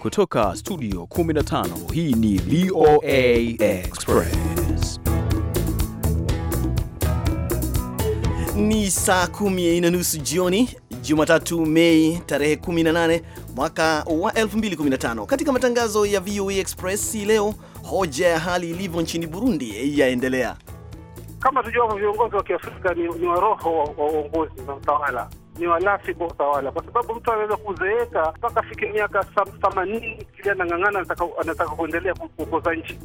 Kutoka studio 15 hii ni VOA Express. Ni saa kumi na nusu jioni Jumatatu, Mei tarehe 18 mwaka wa 2015. Katika matangazo ya VOA Express hii leo, hoja ya hali ilivyo nchini Burundi yaendelea. Kama tujuavyo, viongozi wa Kiafrika ni, ni waroho wa uongozi na utawala ni walafi kwa utawala, kwa sababu mtu anaweza kuzeeka mpaka afike miaka themanini kile anang'ang'ana, anataka kuendelea kuongoza nchi.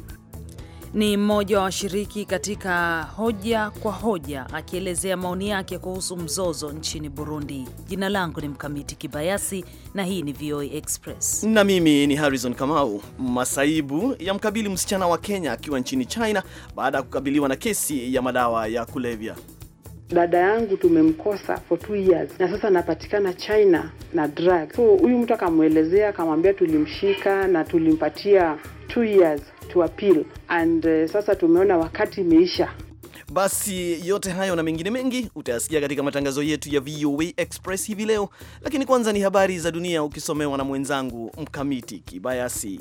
Ni mmoja wa washiriki katika hoja kwa hoja akielezea maoni yake kuhusu mzozo nchini Burundi. Jina langu ni Mkamiti Kibayasi na hii ni VOA Express na mimi ni Harrison Kamau. Masaibu yamkabili msichana wa Kenya akiwa nchini China baada ya kukabiliwa na kesi ya madawa ya kulevya dada yangu tumemkosa for two years na sasa anapatikana China na drug. So huyu mtu akamwelezea, akamwambia tulimshika na tulimpatia two years to appeal and uh, sasa tumeona wakati imeisha. Basi yote hayo na mengine mengi utayasikia katika matangazo yetu ya VOA Express hivi leo, lakini kwanza ni habari za dunia ukisomewa na mwenzangu Mkamiti Kibayasi.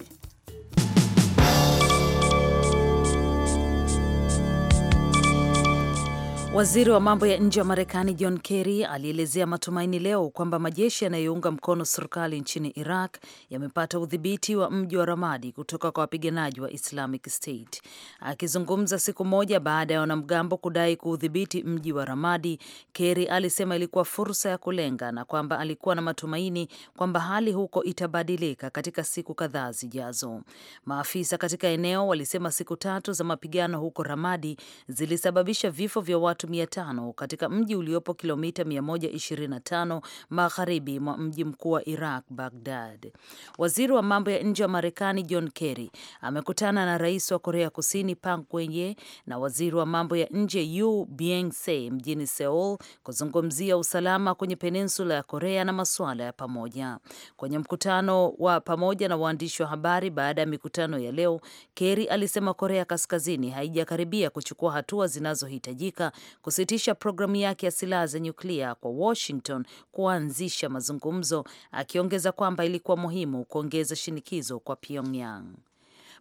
Waziri wa mambo ya nje wa Marekani John Kerry alielezea matumaini leo kwamba majeshi yanayounga mkono serikali nchini Iraq yamepata udhibiti wa mji wa Ramadi kutoka kwa wapiganaji wa Islamic State. Akizungumza siku moja baada ya wanamgambo kudai kuudhibiti mji wa Ramadi, Kerry alisema ilikuwa fursa ya kulenga na kwamba alikuwa na matumaini kwamba hali huko itabadilika katika siku kadhaa zijazo. Maafisa katika eneo walisema siku tatu za mapigano huko Ramadi zilisababisha vifo vya watu watu 500 katika mji uliopo kilomita 125 magharibi mwa mji mkuu wa Iraq, Baghdad. Waziri wa mambo ya nje wa Marekani John Kerry amekutana na rais wa Korea Kusini Park Geun-hye na waziri wa mambo ya nje Yu Byung-se mjini Seoul kuzungumzia usalama kwenye peninsula ya Korea na masuala ya pamoja. Kwenye mkutano wa pamoja na waandishi wa habari baada ya mikutano ya leo, Kerry alisema Korea Kaskazini haijakaribia kuchukua hatua zinazohitajika kusitisha programu yake ya silaha za nyuklia kwa Washington kuanzisha mazungumzo, akiongeza kwamba ilikuwa muhimu kuongeza shinikizo kwa Pyongyang.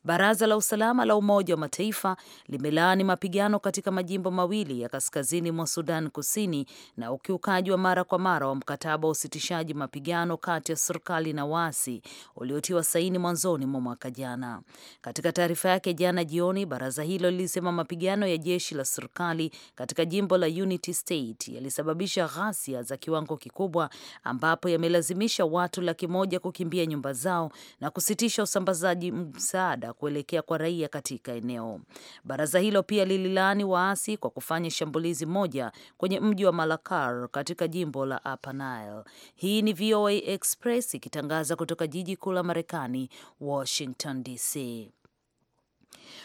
Baraza la Usalama la Umoja wa Mataifa limelaani mapigano katika majimbo mawili ya kaskazini mwa Sudan Kusini na ukiukaji wa mara kwa mara wa mkataba wa usitishaji mapigano kati ya serikali na waasi uliotiwa saini mwanzoni mwa mwaka jana. Katika taarifa yake jana jioni, baraza hilo lilisema mapigano ya jeshi la serikali katika jimbo la Unity State yalisababisha ghasia za kiwango kikubwa ambapo yamelazimisha watu laki moja kukimbia nyumba zao na kusitisha usambazaji msaada kuelekea kwa raia katika eneo. Baraza hilo pia lililaani waasi kwa kufanya shambulizi moja kwenye mji wa malakar katika jimbo la Upper Nile. Hii ni VOA Express ikitangaza kutoka jiji kuu la Marekani, Washington DC.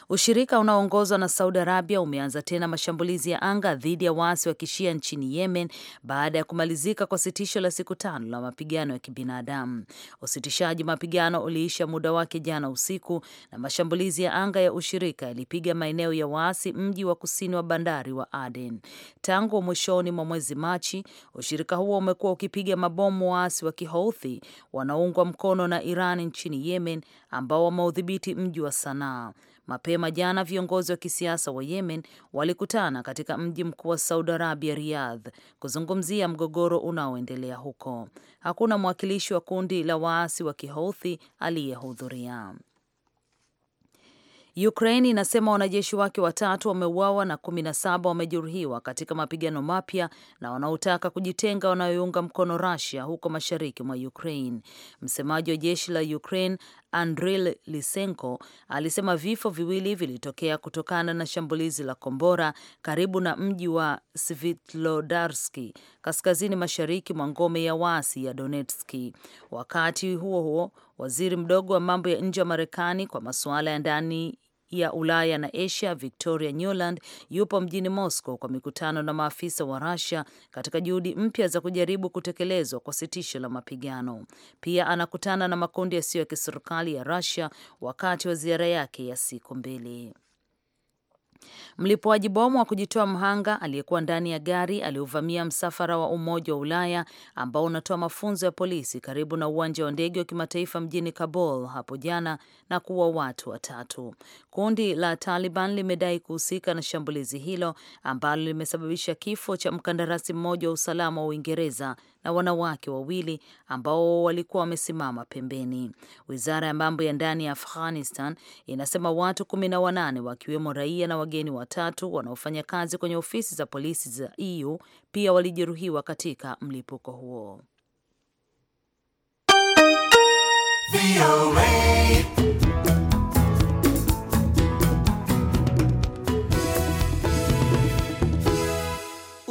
Ushirika unaoongozwa na Saudi Arabia umeanza tena mashambulizi ya anga dhidi ya waasi wa kishia nchini Yemen baada ya kumalizika kwa sitisho la siku tano la mapigano ya kibinadamu. Usitishaji mapigano uliisha muda wake jana usiku, na mashambulizi ya anga ya ushirika yalipiga maeneo ya waasi mji wa kusini wa bandari wa Aden. Tangu mwishoni mwa mwezi Machi, ushirika huo umekuwa ukipiga mabomu waasi wa kihouthi wanaoungwa mkono na Iran nchini Yemen ambao wameudhibiti mji wa Sanaa. Mapema jana viongozi wa kisiasa wa Yemen walikutana katika mji mkuu wa Saudi Arabia, Riyadh, kuzungumzia mgogoro unaoendelea huko. Hakuna mwakilishi wa kundi la waasi wa Kihouthi aliyehudhuria. Ukraine inasema wanajeshi wake watatu wameuawa na kumi na saba wamejeruhiwa katika mapigano mapya na wanaotaka kujitenga wanayounga mkono Russia huko mashariki mwa Ukraine. Msemaji wa jeshi la Ukraine Andril Lisenko alisema vifo viwili vilitokea kutokana na shambulizi la kombora karibu na mji wa Svitlodarski kaskazini mashariki mwa ngome ya waasi ya Donetski. Wakati huo huo, waziri mdogo wa mambo ya nje wa Marekani kwa masuala ya ndani ya Ulaya na Asia Victoria Newland yupo mjini Moscow kwa mikutano na maafisa wa Russia katika juhudi mpya za kujaribu kutekelezwa kwa sitisho la mapigano. Pia anakutana na makundi yasiyo ya kiserikali ya Russia wakati wa ziara yake ya siku mbili. Mlipuaji bomu wa kujitoa mhanga aliyekuwa ndani ya gari aliuvamia msafara wa Umoja wa Ulaya ambao unatoa mafunzo ya polisi karibu na uwanja wa ndege wa kimataifa mjini Kabul hapo jana na kuua watu watatu. Kundi la Taliban limedai kuhusika na shambulizi hilo ambalo limesababisha kifo cha mkandarasi mmoja wa usalama wa Uingereza na wanawake wawili ambao walikuwa wamesimama pembeni. Wizara ya mambo ya ndani ya Afghanistan inasema watu kumi na wanane wakiwemo raia na wageni watatu wanaofanya kazi kwenye ofisi za polisi za EU pia walijeruhiwa katika mlipuko huo.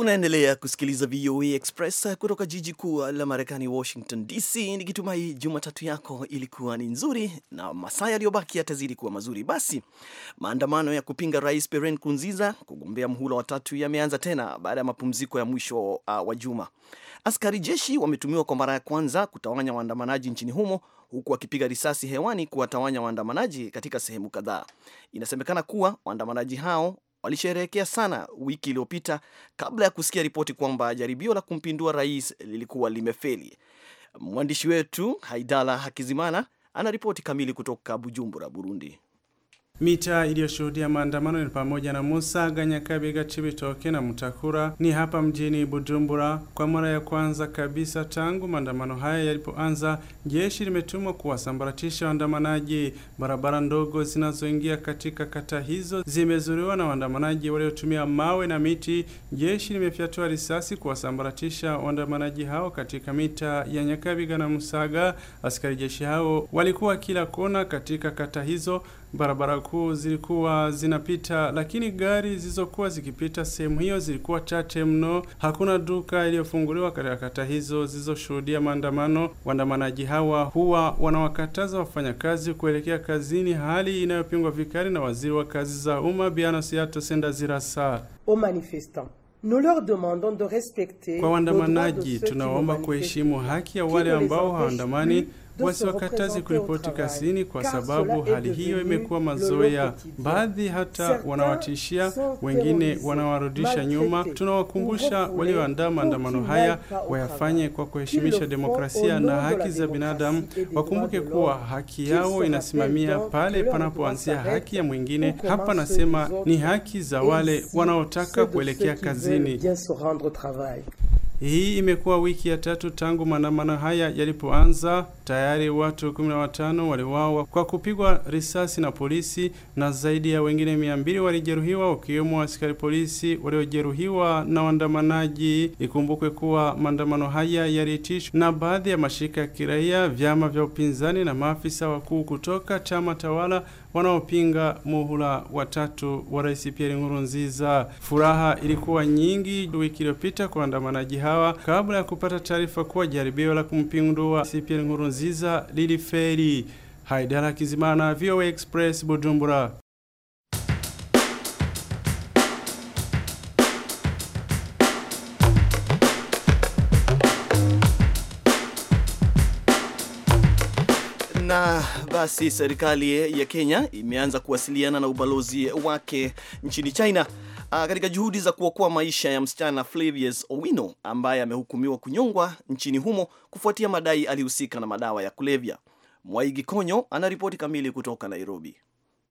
Unaendelea kusikiliza VOA Express kutoka jiji kuu la Marekani, Washington DC, nikitumai Jumatatu yako ilikuwa ni nzuri na masaa yaliyobaki yatazidi kuwa mazuri. Basi, maandamano ya kupinga Rais Peren Kunziza kugombea mhula watatu yameanza tena baada ya mapumziko ya mwisho uh, wa juma. Askari jeshi wametumiwa kwa mara ya kwanza kutawanya waandamanaji nchini humo huku wakipiga risasi hewani kuwatawanya waandamanaji katika sehemu kadhaa. Inasemekana kuwa waandamanaji hao walisherehekea sana wiki iliyopita kabla ya kusikia ripoti kwamba jaribio la kumpindua rais lilikuwa limefeli. Mwandishi wetu Haidala Hakizimana ana ripoti kamili kutoka Bujumbura, Burundi mita iliyoshuhudia maandamano ni pamoja na Musaga, Nyakabiga, Cibitoke na Mutakura ni hapa mjini Bujumbura. Kwa mara ya kwanza kabisa tangu maandamano haya yalipoanza, jeshi limetumwa kuwasambaratisha waandamanaji. Barabara ndogo zinazoingia katika kata hizo zimezuriwa na waandamanaji waliotumia mawe na miti. Jeshi limefyatua risasi kuwasambaratisha waandamanaji hao katika mita ya Nyakabiga na Musaga. Askari jeshi hao walikuwa kila kona katika kata hizo barabara kuu zilikuwa zinapita, lakini gari zilizokuwa zikipita sehemu hiyo zilikuwa chache mno. Hakuna duka iliyofunguliwa katika kata hizo zilizoshuhudia maandamano. Waandamanaji hawa huwa wanawakataza wafanyakazi kuelekea kazini, hali inayopingwa vikali na waziri wa kazi za umma Bi Anosiato Sendazirasa. Kwa waandamanaji, tunawaomba kuheshimu haki ya wale ambao hawaandamani wasiwakatazi kuripoti kazini, kwa sababu hali hiyo imekuwa mazoea. Baadhi hata wanawatishia, wengine wanawarudisha nyuma. Tunawakumbusha walioandaa maandamano haya wayafanye kwa kuheshimisha demokrasia na haki za binadamu, wakumbuke kuwa haki yao inasimamia pale panapoanzia haki ya mwingine. Hapa nasema ni haki za wale wanaotaka kuelekea kazini. Hii imekuwa wiki ya tatu tangu maandamano haya yalipoanza. Tayari watu 15 waliwawa kwa kupigwa risasi na polisi na zaidi ya wengine 200 walijeruhiwa, wakiwemo askari polisi waliojeruhiwa na waandamanaji. Ikumbukwe kuwa maandamano haya yaliitishwa na baadhi ya mashirika ya kiraia, vyama vya upinzani na maafisa wakuu kutoka chama tawala wanaopinga muhula watatu wa Rais Pierre Nkurunziza. Furaha ilikuwa nyingi wiki iliyopita kwa waandamanaji hawa kabla ya kupata taarifa kuwa jaribio la kumpindua Rais Pierre Nkurunziza Aziza liliferi haidara kizimana voa express bujumbura na basi serikali ya Kenya imeanza kuwasiliana na ubalozi wake nchini China Ah, katika juhudi za kuokoa maisha ya msichana Flavius Owino ambaye amehukumiwa kunyongwa nchini humo kufuatia madai alihusika na madawa ya kulevya. Mwaigi Konyo anaripoti kamili kutoka Nairobi.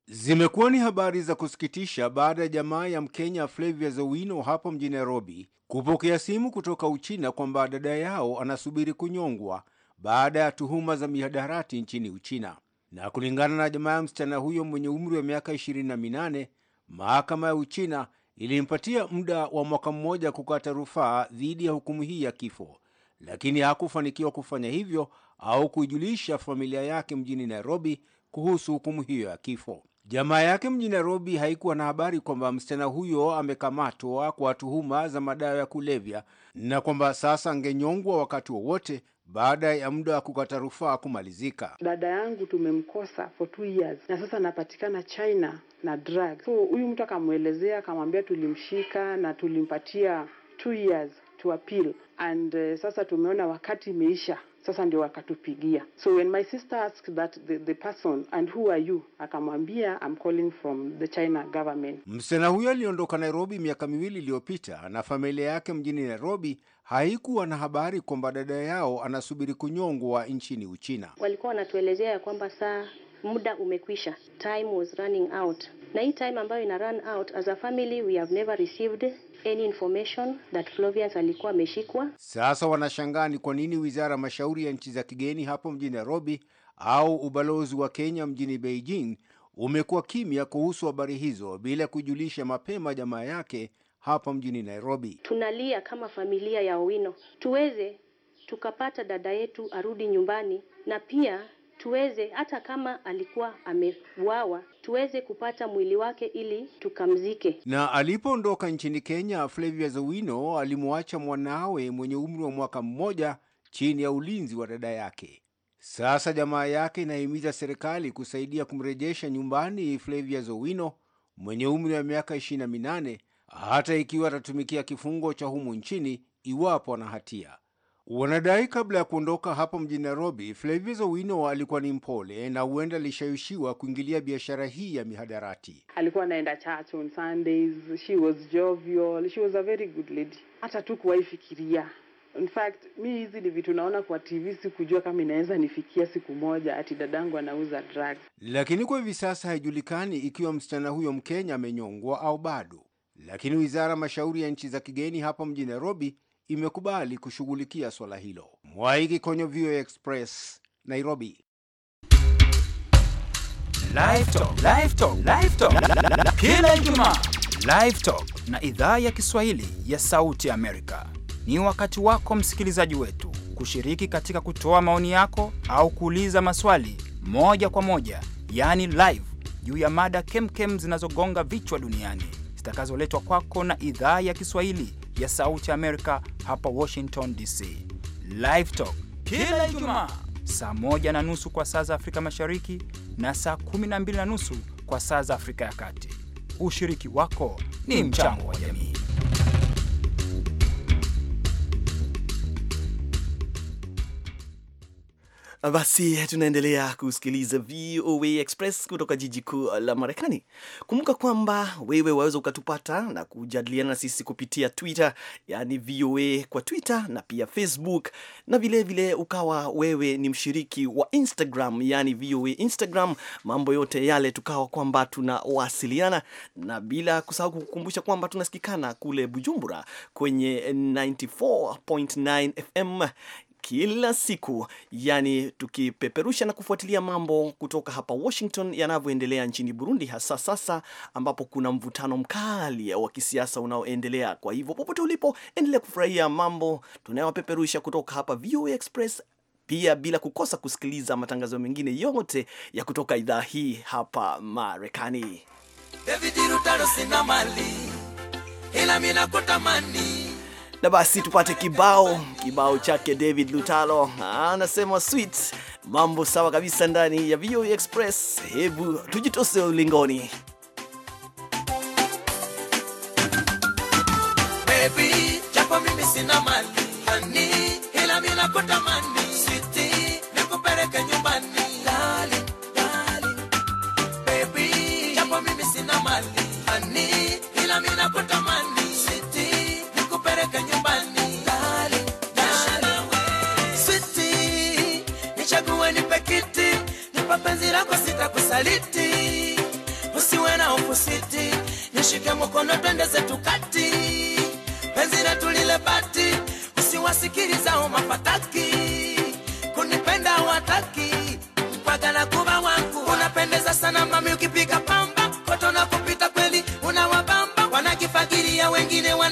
Zimekuwa ni habari za kusikitisha baada ya jamaa ya Mkenya Flavius Owino hapo mjini Nairobi kupokea simu kutoka Uchina kwamba dada yao anasubiri kunyongwa baada ya tuhuma za mihadarati nchini Uchina. Na kulingana na jamaa ya msichana huyo mwenye umri wa miaka 28 mahakama ya Uchina ilimpatia muda wa mwaka mmoja kukata rufaa dhidi ya hukumu hii ya kifo, lakini hakufanikiwa kufanya hivyo au kuijulisha familia yake mjini Nairobi kuhusu hukumu hiyo ya kifo. Jamaa yake mjini Nairobi haikuwa na habari kwamba msichana huyo amekamatwa kwa tuhuma za madawa ya kulevya na kwamba sasa angenyongwa wakati wowote baada ya muda wa kukata rufaa kumalizika. Dada yangu tumemkosa for two years na sasa anapatikana China na drugs. So huyu mtu akamwelezea, akamwambia tulimshika na tulimpatia two years to appeal and uh, sasa tumeona wakati imeisha sasa ndio wakatupigia. So when my sister asked that the, the person and who are you, akamwambia I'm calling from the China government. Msichana huyo aliondoka Nairobi miaka miwili iliyopita na familia yake mjini Nairobi. Haikuwa na habari kwamba dada yao anasubiri kunyongwa nchini Uchina. Walikuwa wanatuelezea ya kwamba saa muda umekwisha, time was running out. Na hii time ambayo ina run out, as a family we have never received any information that Flavius alikuwa ameshikwa. Sasa wanashangaa ni kwa nini wizara mashauri ya nchi za kigeni hapo mjini Nairobi au ubalozi wa Kenya mjini Beijing umekuwa kimya kuhusu habari hizo bila kujulisha mapema jamaa yake hapa mjini Nairobi. Tunalia kama familia ya Owino, tuweze tukapata dada yetu arudi nyumbani na pia tuweze hata kama alikuwa ameuawa tuweze kupata mwili wake ili tukamzike. Na alipoondoka nchini Kenya, Flavia Zowino alimwacha mwanawe mwenye umri wa mwaka mmoja chini ya ulinzi wa dada yake. Sasa jamaa yake inahimiza serikali kusaidia kumrejesha nyumbani Flavia Zowino mwenye umri wa miaka 28 hata ikiwa atatumikia kifungo cha humu nchini iwapo ana hatia. Wanadai kabla ya kuondoka hapa mjini Nairobi, Flavizo Wino alikuwa ni mpole na huenda alishawishiwa kuingilia biashara hii ya mihadarati. Alikuwa anaenda church on Sundays, she was jovial, she was a very good lady. Hata tu kuwaifikiria In fact mi hizi ni vitu naona kwa TV, sikujua kama inaweza nifikia siku moja ati dadangu anauza drugs. Lakini kwa hivi sasa haijulikani ikiwa msichana huyo Mkenya amenyongwa au bado, lakini wizara mashauri ya nchi za kigeni hapa mjini Nairobi imekubali kushughulikia swala hilo. mwaiki kwenye VOA Express, Nairobi. kila Ijumaa. Live Talk na idhaa ya Kiswahili ya Sauti Amerika. Ni wakati wako msikilizaji wetu kushiriki katika kutoa maoni yako au kuuliza maswali moja kwa moja, yaani live, juu ya mada kemkem zinazogonga vichwa duniani zitakazoletwa kwako na idhaa ya Kiswahili ya Sauti Amerika hapa Washington DC. Live Talk kila Ijumaa saa moja na nusu kwa saa za Afrika Mashariki na saa 12 na nusu kwa saa za Afrika ya Kati. Ushiriki wako ni mchango wa jamii. Basi tunaendelea kusikiliza VOA Express kutoka jiji kuu la Marekani. Kumbuka kwamba wewe waweza ukatupata na kujadiliana na sisi kupitia Twitter, yani VOA kwa Twitter na pia Facebook, na vilevile vile ukawa wewe ni mshiriki wa Instagram, yani VOA Instagram. Mambo yote yale tukawa kwamba tunawasiliana, na bila kusahau kukukumbusha kwamba tunasikikana kule Bujumbura kwenye 94.9 FM kila siku, yani tukipeperusha na kufuatilia mambo kutoka hapa Washington yanavyoendelea nchini Burundi, hasa sasa ambapo kuna mvutano mkali wa kisiasa unaoendelea. Kwa hivyo popote ulipo, endelea kufurahia mambo tunayopeperusha kutoka hapa VOA Express, pia bila kukosa kusikiliza matangazo mengine yote ya kutoka idhaa hii hapa Marekani. David Rutaro, sina mali ila mimi nakutamani na basi tupate kibao kibao chake David Lutalo anasema sweet. Mambo sawa kabisa ndani ya VOA Express. Hebu tujitose ulingoni. Baby, chapa mimi sina usaliti, usiwe na ufusiti, nishike mkono twende zetu kati, penzi letu lile bati, usiwasikilizao mapataki, kunipenda wataki mpaka na kuba wangu, unapendeza sana mami, ukipiga pamba kote kupita kweli unawabamba, wanakifagiria wengine wa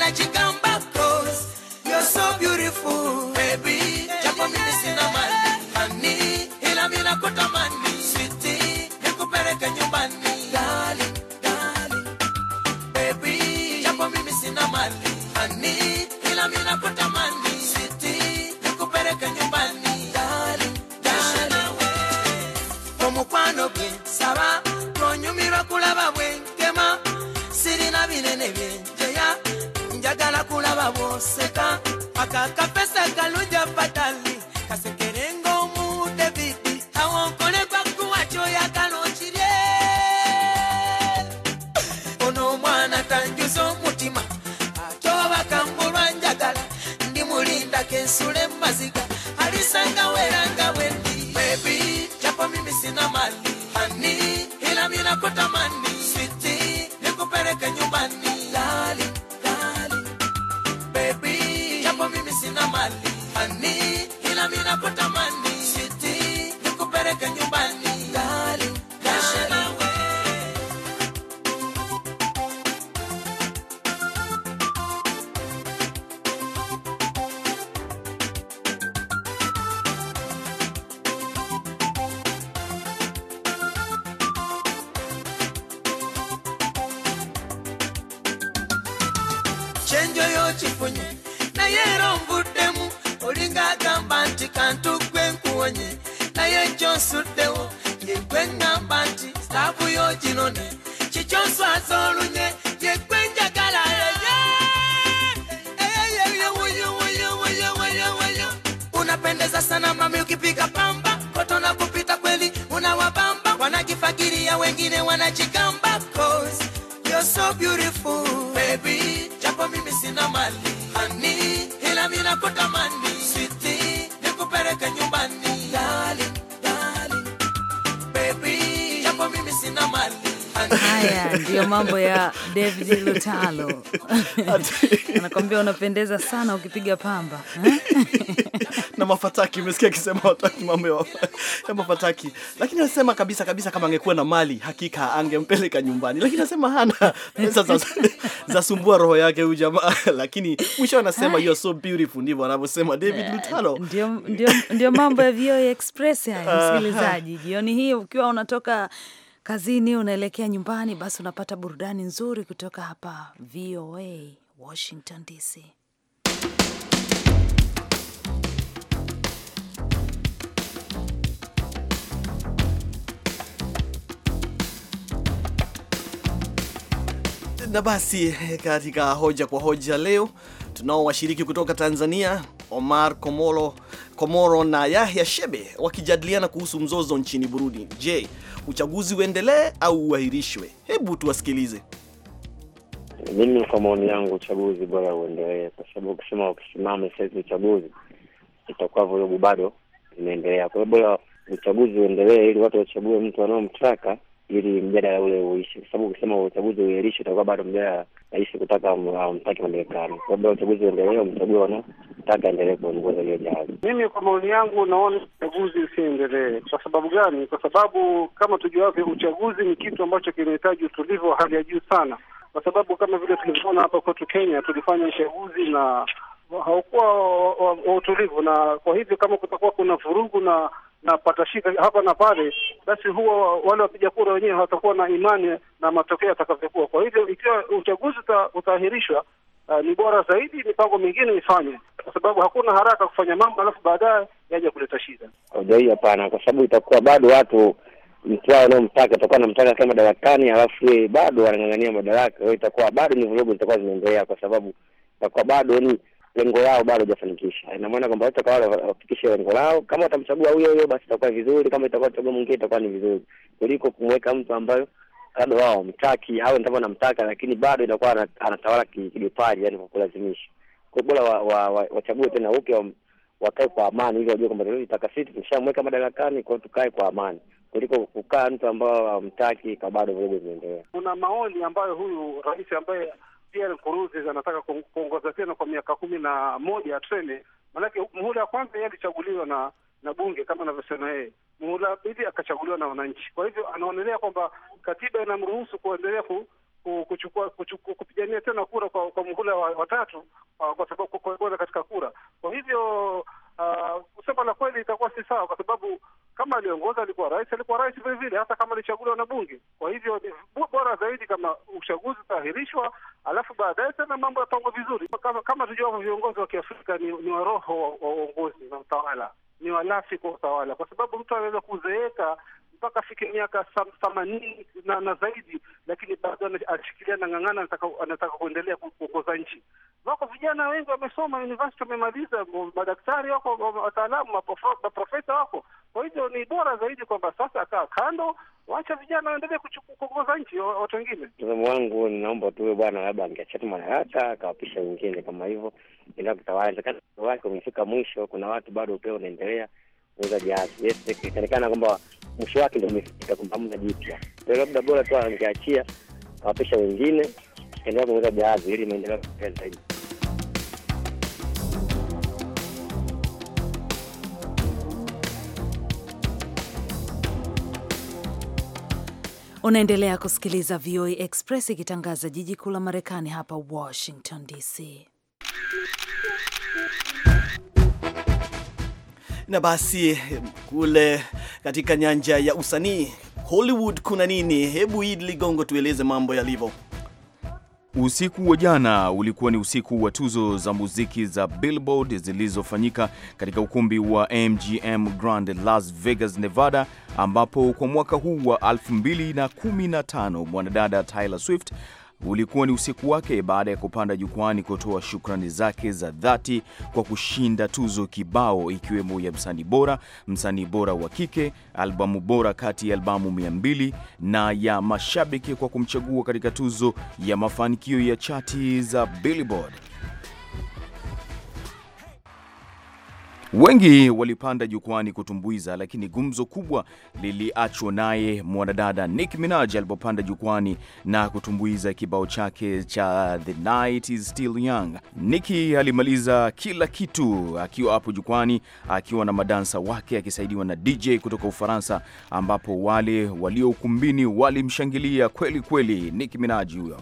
ndio mambo ya David Lutalo anakwambia unapendeza sana ukipiga pamba na mafataki. Umesikia akisema wataki mambo ya mafataki, lakini anasema kabisa kabisa, kama angekuwa na mali hakika angempeleka nyumbani, lakini anasema hana pesa za, za sumbua roho yake huyu jamaa, lakini mwisho anasema you are so beautiful, ndivyo anavyosema David eh, Lutalo. Ndio, ndio, ndio mambo ya VOA Express haya, msikilizaji, jioni hii ukiwa unatoka kazini, unaelekea nyumbani, basi unapata burudani nzuri kutoka hapa VOA Washington DC. Na basi eh, katika hoja kwa hoja leo tunao washiriki kutoka Tanzania Omar Komoro, Komoro na Yahya Shebe wakijadiliana kuhusu mzozo nchini Burundi. Je, uchaguzi uendelee au uahirishwe? Hebu tuwasikilize. Mimi kwa maoni yangu, uchaguzi bora uendelee, kwa sababu kusema ukisimame saizi uchaguzi itakuwa vurugu bado inaendelea. Kwa hiyo bora uchaguzi uendelee, ili watu wachague mtu wanaomtaka ili mjadala ule uishi kwa sababu ukisema uchaguzi uelishwe utakuwa bado mjadala rahisi kutaka um, amtake na Marekani, kwa sababu uchaguzi uendelee, wamchague wanataka endelee kuongoza hiyo jahazi. Mimi kwa maoni yangu naona uchaguzi usiendelee. Kwa sababu gani? Kwa sababu kama tujuavyo, uchaguzi ni kitu ambacho kinahitaji utulivu wa hali ya juu sana, kwa sababu kama vile tulivyoona hapa kwetu Kenya, tulifanya uchaguzi na haukuwa wa utulivu, na kwa hivyo kama kutakuwa kuna vurugu na na patashika hapa na pale, basi huwa wale wapiga kura wenyewe hawatakuwa na imani na matokeo yatakavyokuwa. Kwa hivyo, ikiwa uchaguzi utaahirishwa, uh, ni bora zaidi mipango mingine ifanye, kwa sababu hakuna haraka kufanya mambo alafu baadaye yaje kuleta shida. Hoja hii hapana, kwa sababu itakuwa bado watu mtu wao atakuwa anamtaka kama madarakani, alafu bado wanang'angania madaraka. itakuwa bado ni vurugu zitakuwa zinaendelea, kwa sababu itakuwa bado ni lengo lao bado hajafanikisha. Ina maana kwamba hata wale wafikishe lengo lao, kama watamchagua huyo huyo basi itakuwa vizuri, kama itakuwa chagua mwingine itakuwa ni vizuri kuliko kumweka mtu ambayo labda wao mtaki au ndio wanamtaka, lakini bado inakuwa anatawala kidipari, yani kwa kulazimisha. Kwa bora wa, wachague wa, wa, tena upya wa, wakae kwa amani, ili wajue kwamba tunataka sisi tumeshamweka madarakani, kwa tukae kwa amani kuliko kukaa mtu ambao hamtaki, kabado vile zinaendelea. Kuna maoni ambayo huyu rais ambaye Pierre Nkurunziza anataka kuongoza tena kwa miaka kumi na moja trene, maanake muhula wa kwanza yeye alichaguliwa na na bunge kama anavyosema yeye, muhula pili akachaguliwa na wananchi. Kwa hivyo anaonelea kwamba katiba inamruhusu kuendelea kuchukua, kuchukua kupigania tena kura kwa, kwa muhula wa, wa uh, kwa sababu kuongoza katika kura. Kwa hivyo uh, kusema la kweli itakuwa si sawa, kwa sababu kama aliongoza alikuwa rais, alikuwa rais vile vile, hata kama alichaguliwa na bunge. Kwa hivyo bora zaidi kama uchaguzi utaahirishwa, alafu baadaye tena mambo yapangwa vizuri. Kama, kama tujuavyo viongozi wa Kiafrika ni, ni waroho wa uongozi wa na utawala, ni walafi kwa utawala, kwa sababu mtu anaweza kuzeeka mpaka afike miaka themanini na, na zaidi, lakini bado anashikilia na ng'ang'ana, anataka, anataka kuendelea kuongoza nchi. Wako vijana wengi wamesoma university, wamemaliza, madaktari wako, wataalamu, maprofesa wako. Kwa hivyo ni bora zaidi kwamba sasa akaa kando, wacha vijana waendelee kuongoza nchi, watu wengine. Mtazamo wangu, ninaomba tu bwana, labda angeachana madaraka akawapisha wengine kama hivyo, ila kutawawezekana wake umefika mwisho. Kuna watu bado upeo unaendelea kuuza yes, kwamba mwisho wake ndo umefika kwamba hamna jipya, labda bora tu angeachia awapesha wengine, endelea kuuza jahazi ili maendeleo zaidi. Unaendelea kusikiliza VOA Express ikitangaza jiji kuu la Marekani hapa Washington DC. Na basi kule katika nyanja ya usanii Hollywood kuna nini? Hebu id Ligongo tueleze mambo yalivyo. Usiku wa jana ulikuwa ni usiku wa tuzo za muziki za Billboard zilizofanyika katika ukumbi wa MGM Grand Las Vegas, Nevada, ambapo kwa mwaka huu wa 2015 mwanadada Taylor Swift ulikuwa ni usiku wake baada ya kupanda jukwani kutoa shukrani zake za dhati kwa kushinda tuzo kibao ikiwemo ya msanii bora, msanii bora wa kike, albamu bora kati ya albamu 200 na ya mashabiki kwa kumchagua katika tuzo ya mafanikio ya chati za Billboard. Wengi walipanda jukwani kutumbuiza, lakini gumzo kubwa liliachwa naye mwanadada Nicki Minaj alipopanda jukwani na kutumbuiza kibao chake cha The Night Is Still Young. Nicki alimaliza kila kitu akiwa hapo jukwani, akiwa na madansa wake akisaidiwa na DJ kutoka Ufaransa, ambapo wale walio ukumbini walimshangilia kweli kweli. Nicki Minaj huyo.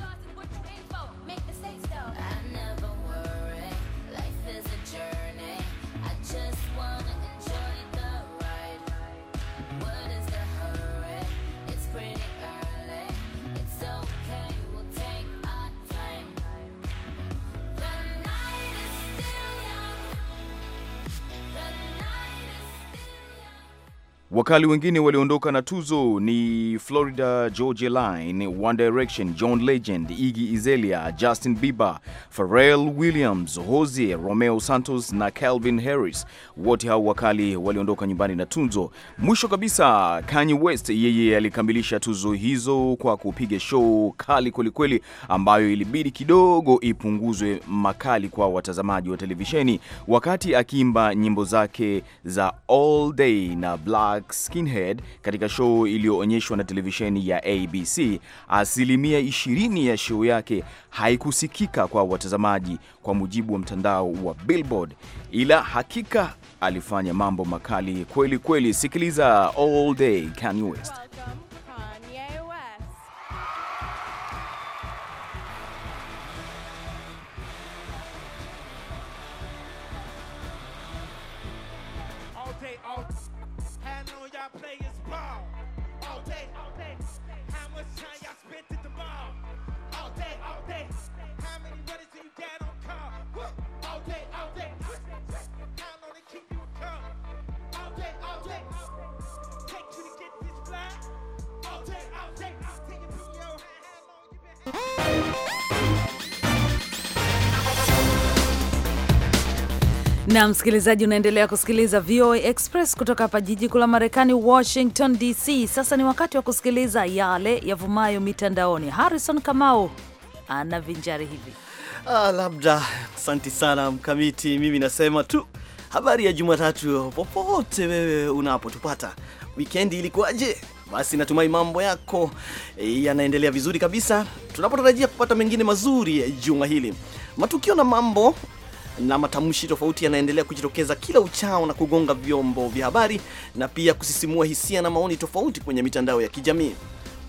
Wakali wengine waliondoka na tuzo ni Florida Georgia Line, One Direction, John Legend, Iggy Azalea, Justin Bieber, Pharrell Williams, hose Romeo Santos na Calvin Harris. Wote hao wakali waliondoka nyumbani na tuzo. Mwisho kabisa, Kanye West yeye alikamilisha tuzo hizo kwa kupiga show kali kwelikweli, ambayo ilibidi kidogo ipunguzwe makali kwa watazamaji wa televisheni, wakati akiimba nyimbo zake za All Day na Black Black Skinhead katika show iliyoonyeshwa na televisheni ya ABC, asilimia 20 ya show yake haikusikika kwa watazamaji, kwa mujibu wa mtandao wa Billboard, ila hakika alifanya mambo makali kweli kweli. Sikiliza All Day Kanye West. na msikilizaji, unaendelea kusikiliza VOA Express kutoka hapa jiji kuu la Marekani, Washington DC. Sasa ni wakati wa kusikiliza yale yavumayo mitandaoni. Harrison Kamau ana vinjari hivi. Ah, labda asanti sana Mkamiti. Mimi nasema tu habari ya Jumatatu, popote wewe unapotupata. Wikendi ilikuwaje? Basi natumai mambo yako eh, yanaendelea vizuri kabisa, tunapotarajia kupata mengine mazuri eh, juma hili, matukio na mambo na matamshi tofauti yanaendelea kujitokeza kila uchao na kugonga vyombo vya habari na pia kusisimua hisia na maoni tofauti kwenye mitandao ya kijamii.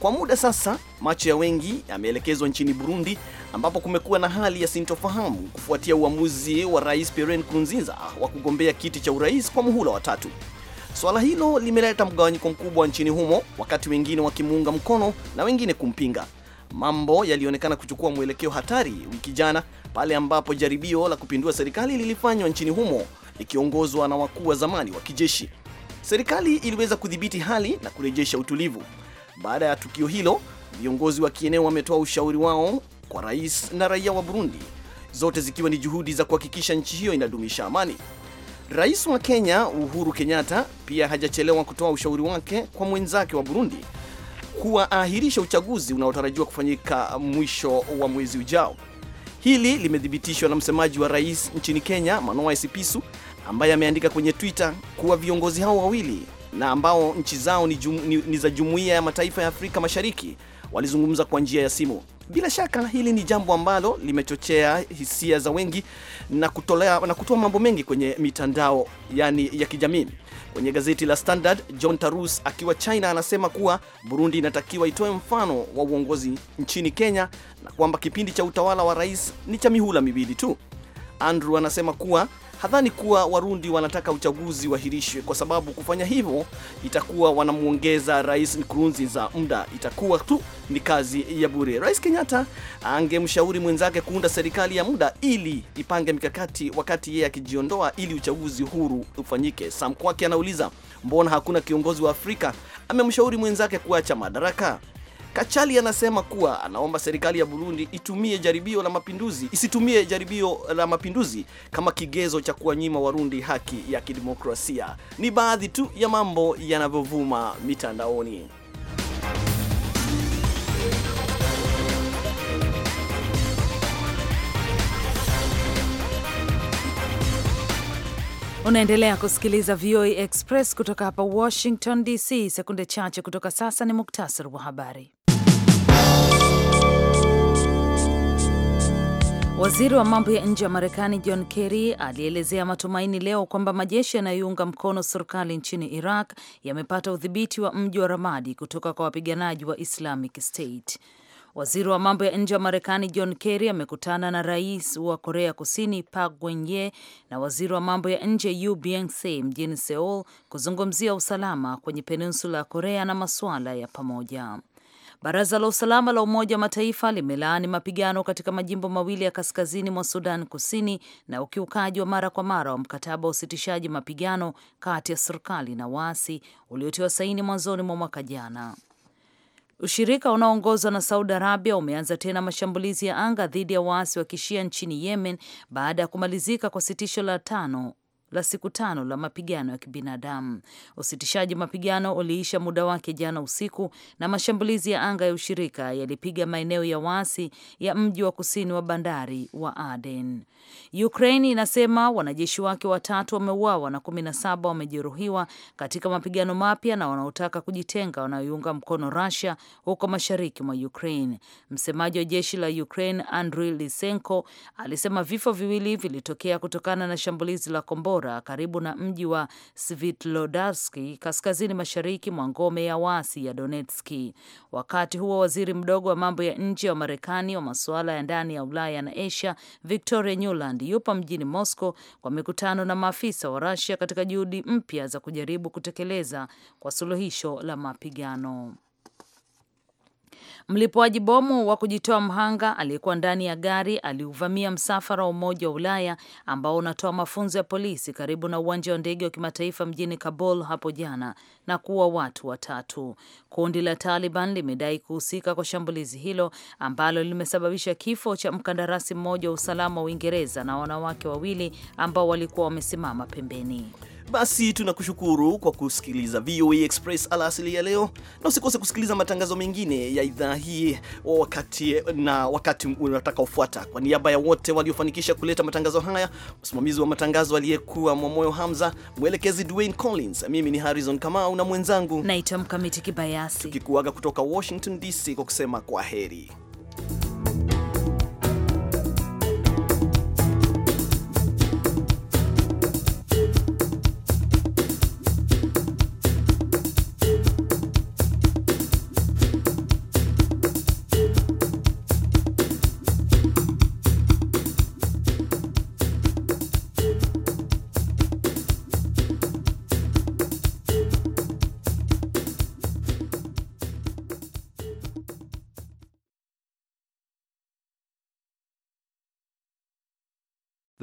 Kwa muda sasa, macho ya wengi yameelekezwa nchini Burundi ambapo kumekuwa na hali ya sintofahamu kufuatia uamuzi wa Rais Pierre Nkurunziza wa kugombea kiti cha urais kwa muhula wa tatu. Swala hilo limeleta mgawanyiko mkubwa nchini humo, wakati wengine wakimuunga mkono na wengine kumpinga. Mambo yalionekana kuchukua mwelekeo hatari wiki jana pale ambapo jaribio la kupindua serikali lilifanywa nchini humo likiongozwa na wakuu wa zamani wa kijeshi. Serikali iliweza kudhibiti hali na kurejesha utulivu. Baada ya tukio hilo, viongozi wa kieneo wametoa ushauri wao kwa rais na raia wa Burundi, zote zikiwa ni juhudi za kuhakikisha nchi hiyo inadumisha amani. Rais wa Kenya Uhuru Kenyatta pia hajachelewa kutoa ushauri wake kwa mwenzake wa Burundi kuwaahirisha uchaguzi unaotarajiwa kufanyika mwisho wa mwezi ujao. Hili limethibitishwa na msemaji wa rais nchini Kenya, Manoa Esipisu, ambaye ameandika kwenye Twitter kuwa viongozi hao wawili na ambao nchi zao ni, jum, ni, ni za jumuiya ya mataifa ya Afrika Mashariki walizungumza kwa njia ya simu. Bila shaka hili ni jambo ambalo limechochea hisia za wengi na, kutolea, na kutoa mambo mengi kwenye mitandao yani ya kijamii. Kwenye gazeti la Standard, John Tarus akiwa China anasema kuwa Burundi inatakiwa itoe mfano wa uongozi nchini Kenya na kwamba kipindi cha utawala wa rais ni cha mihula miwili tu. Andrew anasema kuwa Hadhani kuwa Warundi wanataka uchaguzi uahirishwe kwa sababu kufanya hivyo itakuwa wanamwongeza Rais Nkurunziza muda, itakuwa tu ni kazi ya bure. Rais Kenyatta angemshauri mwenzake kuunda serikali ya muda ili ipange mikakati wakati yeye akijiondoa, ili uchaguzi huru ufanyike. Sam Kwake anauliza mbona hakuna kiongozi wa Afrika amemshauri mwenzake kuacha madaraka? Kachali anasema kuwa anaomba serikali ya Burundi itumie jaribio la mapinduzi isitumie jaribio la mapinduzi kama kigezo cha kuwanyima Warundi haki ya kidemokrasia. Ni baadhi tu ya mambo yanavyovuma mitandaoni. Unaendelea kusikiliza VOA Express kutoka hapa Washington DC. Sekunde chache kutoka sasa ni muktasari wa habari. Waziri wa mambo ya nje wa Marekani John Kerry alielezea matumaini leo kwamba majeshi yanayoiunga mkono serikali nchini Iraq yamepata udhibiti wa mji wa Ramadi kutoka kwa wapiganaji wa Islamic State. Waziri wa mambo ya nje wa Marekani John Kerry amekutana na rais wa Korea Kusini Park Geun-hye na waziri wa mambo ya nje Yu Byung-se mjini Seoul kuzungumzia usalama kwenye peninsula ya Korea na masuala ya pamoja. Baraza la usalama la Umoja wa Mataifa limelaani mapigano katika majimbo mawili ya kaskazini mwa Sudan Kusini na ukiukaji wa mara kwa mara wa mkataba wa usitishaji mapigano kati ya serikali na waasi uliotiwa saini mwanzoni mwa mwaka jana. Ushirika unaoongozwa na Saudi Arabia umeanza tena mashambulizi ya anga dhidi ya waasi wa kishia nchini Yemen baada ya kumalizika kwa sitisho la tano la siku tano la mapigano ya kibinadamu. Usitishaji mapigano uliisha muda wake jana usiku, na mashambulizi ya anga ya ushirika yalipiga maeneo ya waasi ya mji wa kusini wa bandari wa Aden. Ukraine inasema wanajeshi wake watatu wameuawa na kumi na saba wamejeruhiwa katika mapigano mapya na wanaotaka kujitenga wanaoiunga mkono Russia huko mashariki mwa Ukraine. Msemaji wa jeshi la Ukraine Andriy Lisenko alisema vifo viwili vilitokea kutokana na shambulizi la kombora Bora karibu na mji wa Svitlodarski kaskazini mashariki mwa ngome ya wasi ya Donetski. Wakati huo waziri mdogo wa mambo ya nje wa Marekani wa masuala ya ndani ya Ulaya na Asia, Victoria Newland, yupo mjini Moscow kwa mikutano na maafisa wa Russia katika juhudi mpya za kujaribu kutekeleza kwa suluhisho la mapigano. Mlipuaji bomu wa kujitoa mhanga aliyekuwa ndani ya gari aliuvamia msafara wa Umoja wa Ulaya ambao unatoa mafunzo ya polisi karibu na uwanja wa ndege wa kimataifa mjini Kabul hapo jana na kuua watu watatu. Kundi la Taliban limedai kuhusika kwa shambulizi hilo ambalo limesababisha kifo cha mkandarasi mmoja wa usalama wa Uingereza na wanawake wawili ambao walikuwa wamesimama pembeni. Basi tunakushukuru kwa kusikiliza VOA e Express alasili ya leo, na usikose kusikiliza matangazo mengine ya idhaa hii wakati na wakati unataka ufuata Kwa niaba ya wote waliofanikisha kuleta matangazo haya, msimamizi wa matangazo aliyekuwa Mwamoyo Hamza, mwelekezi Dwayne Collins, mimi ni Harrison Kamau na mwenzangu naitwa Mkamiti Kibayasi, tukikuaga kutoka Washington DC kwa kusema kwa heri.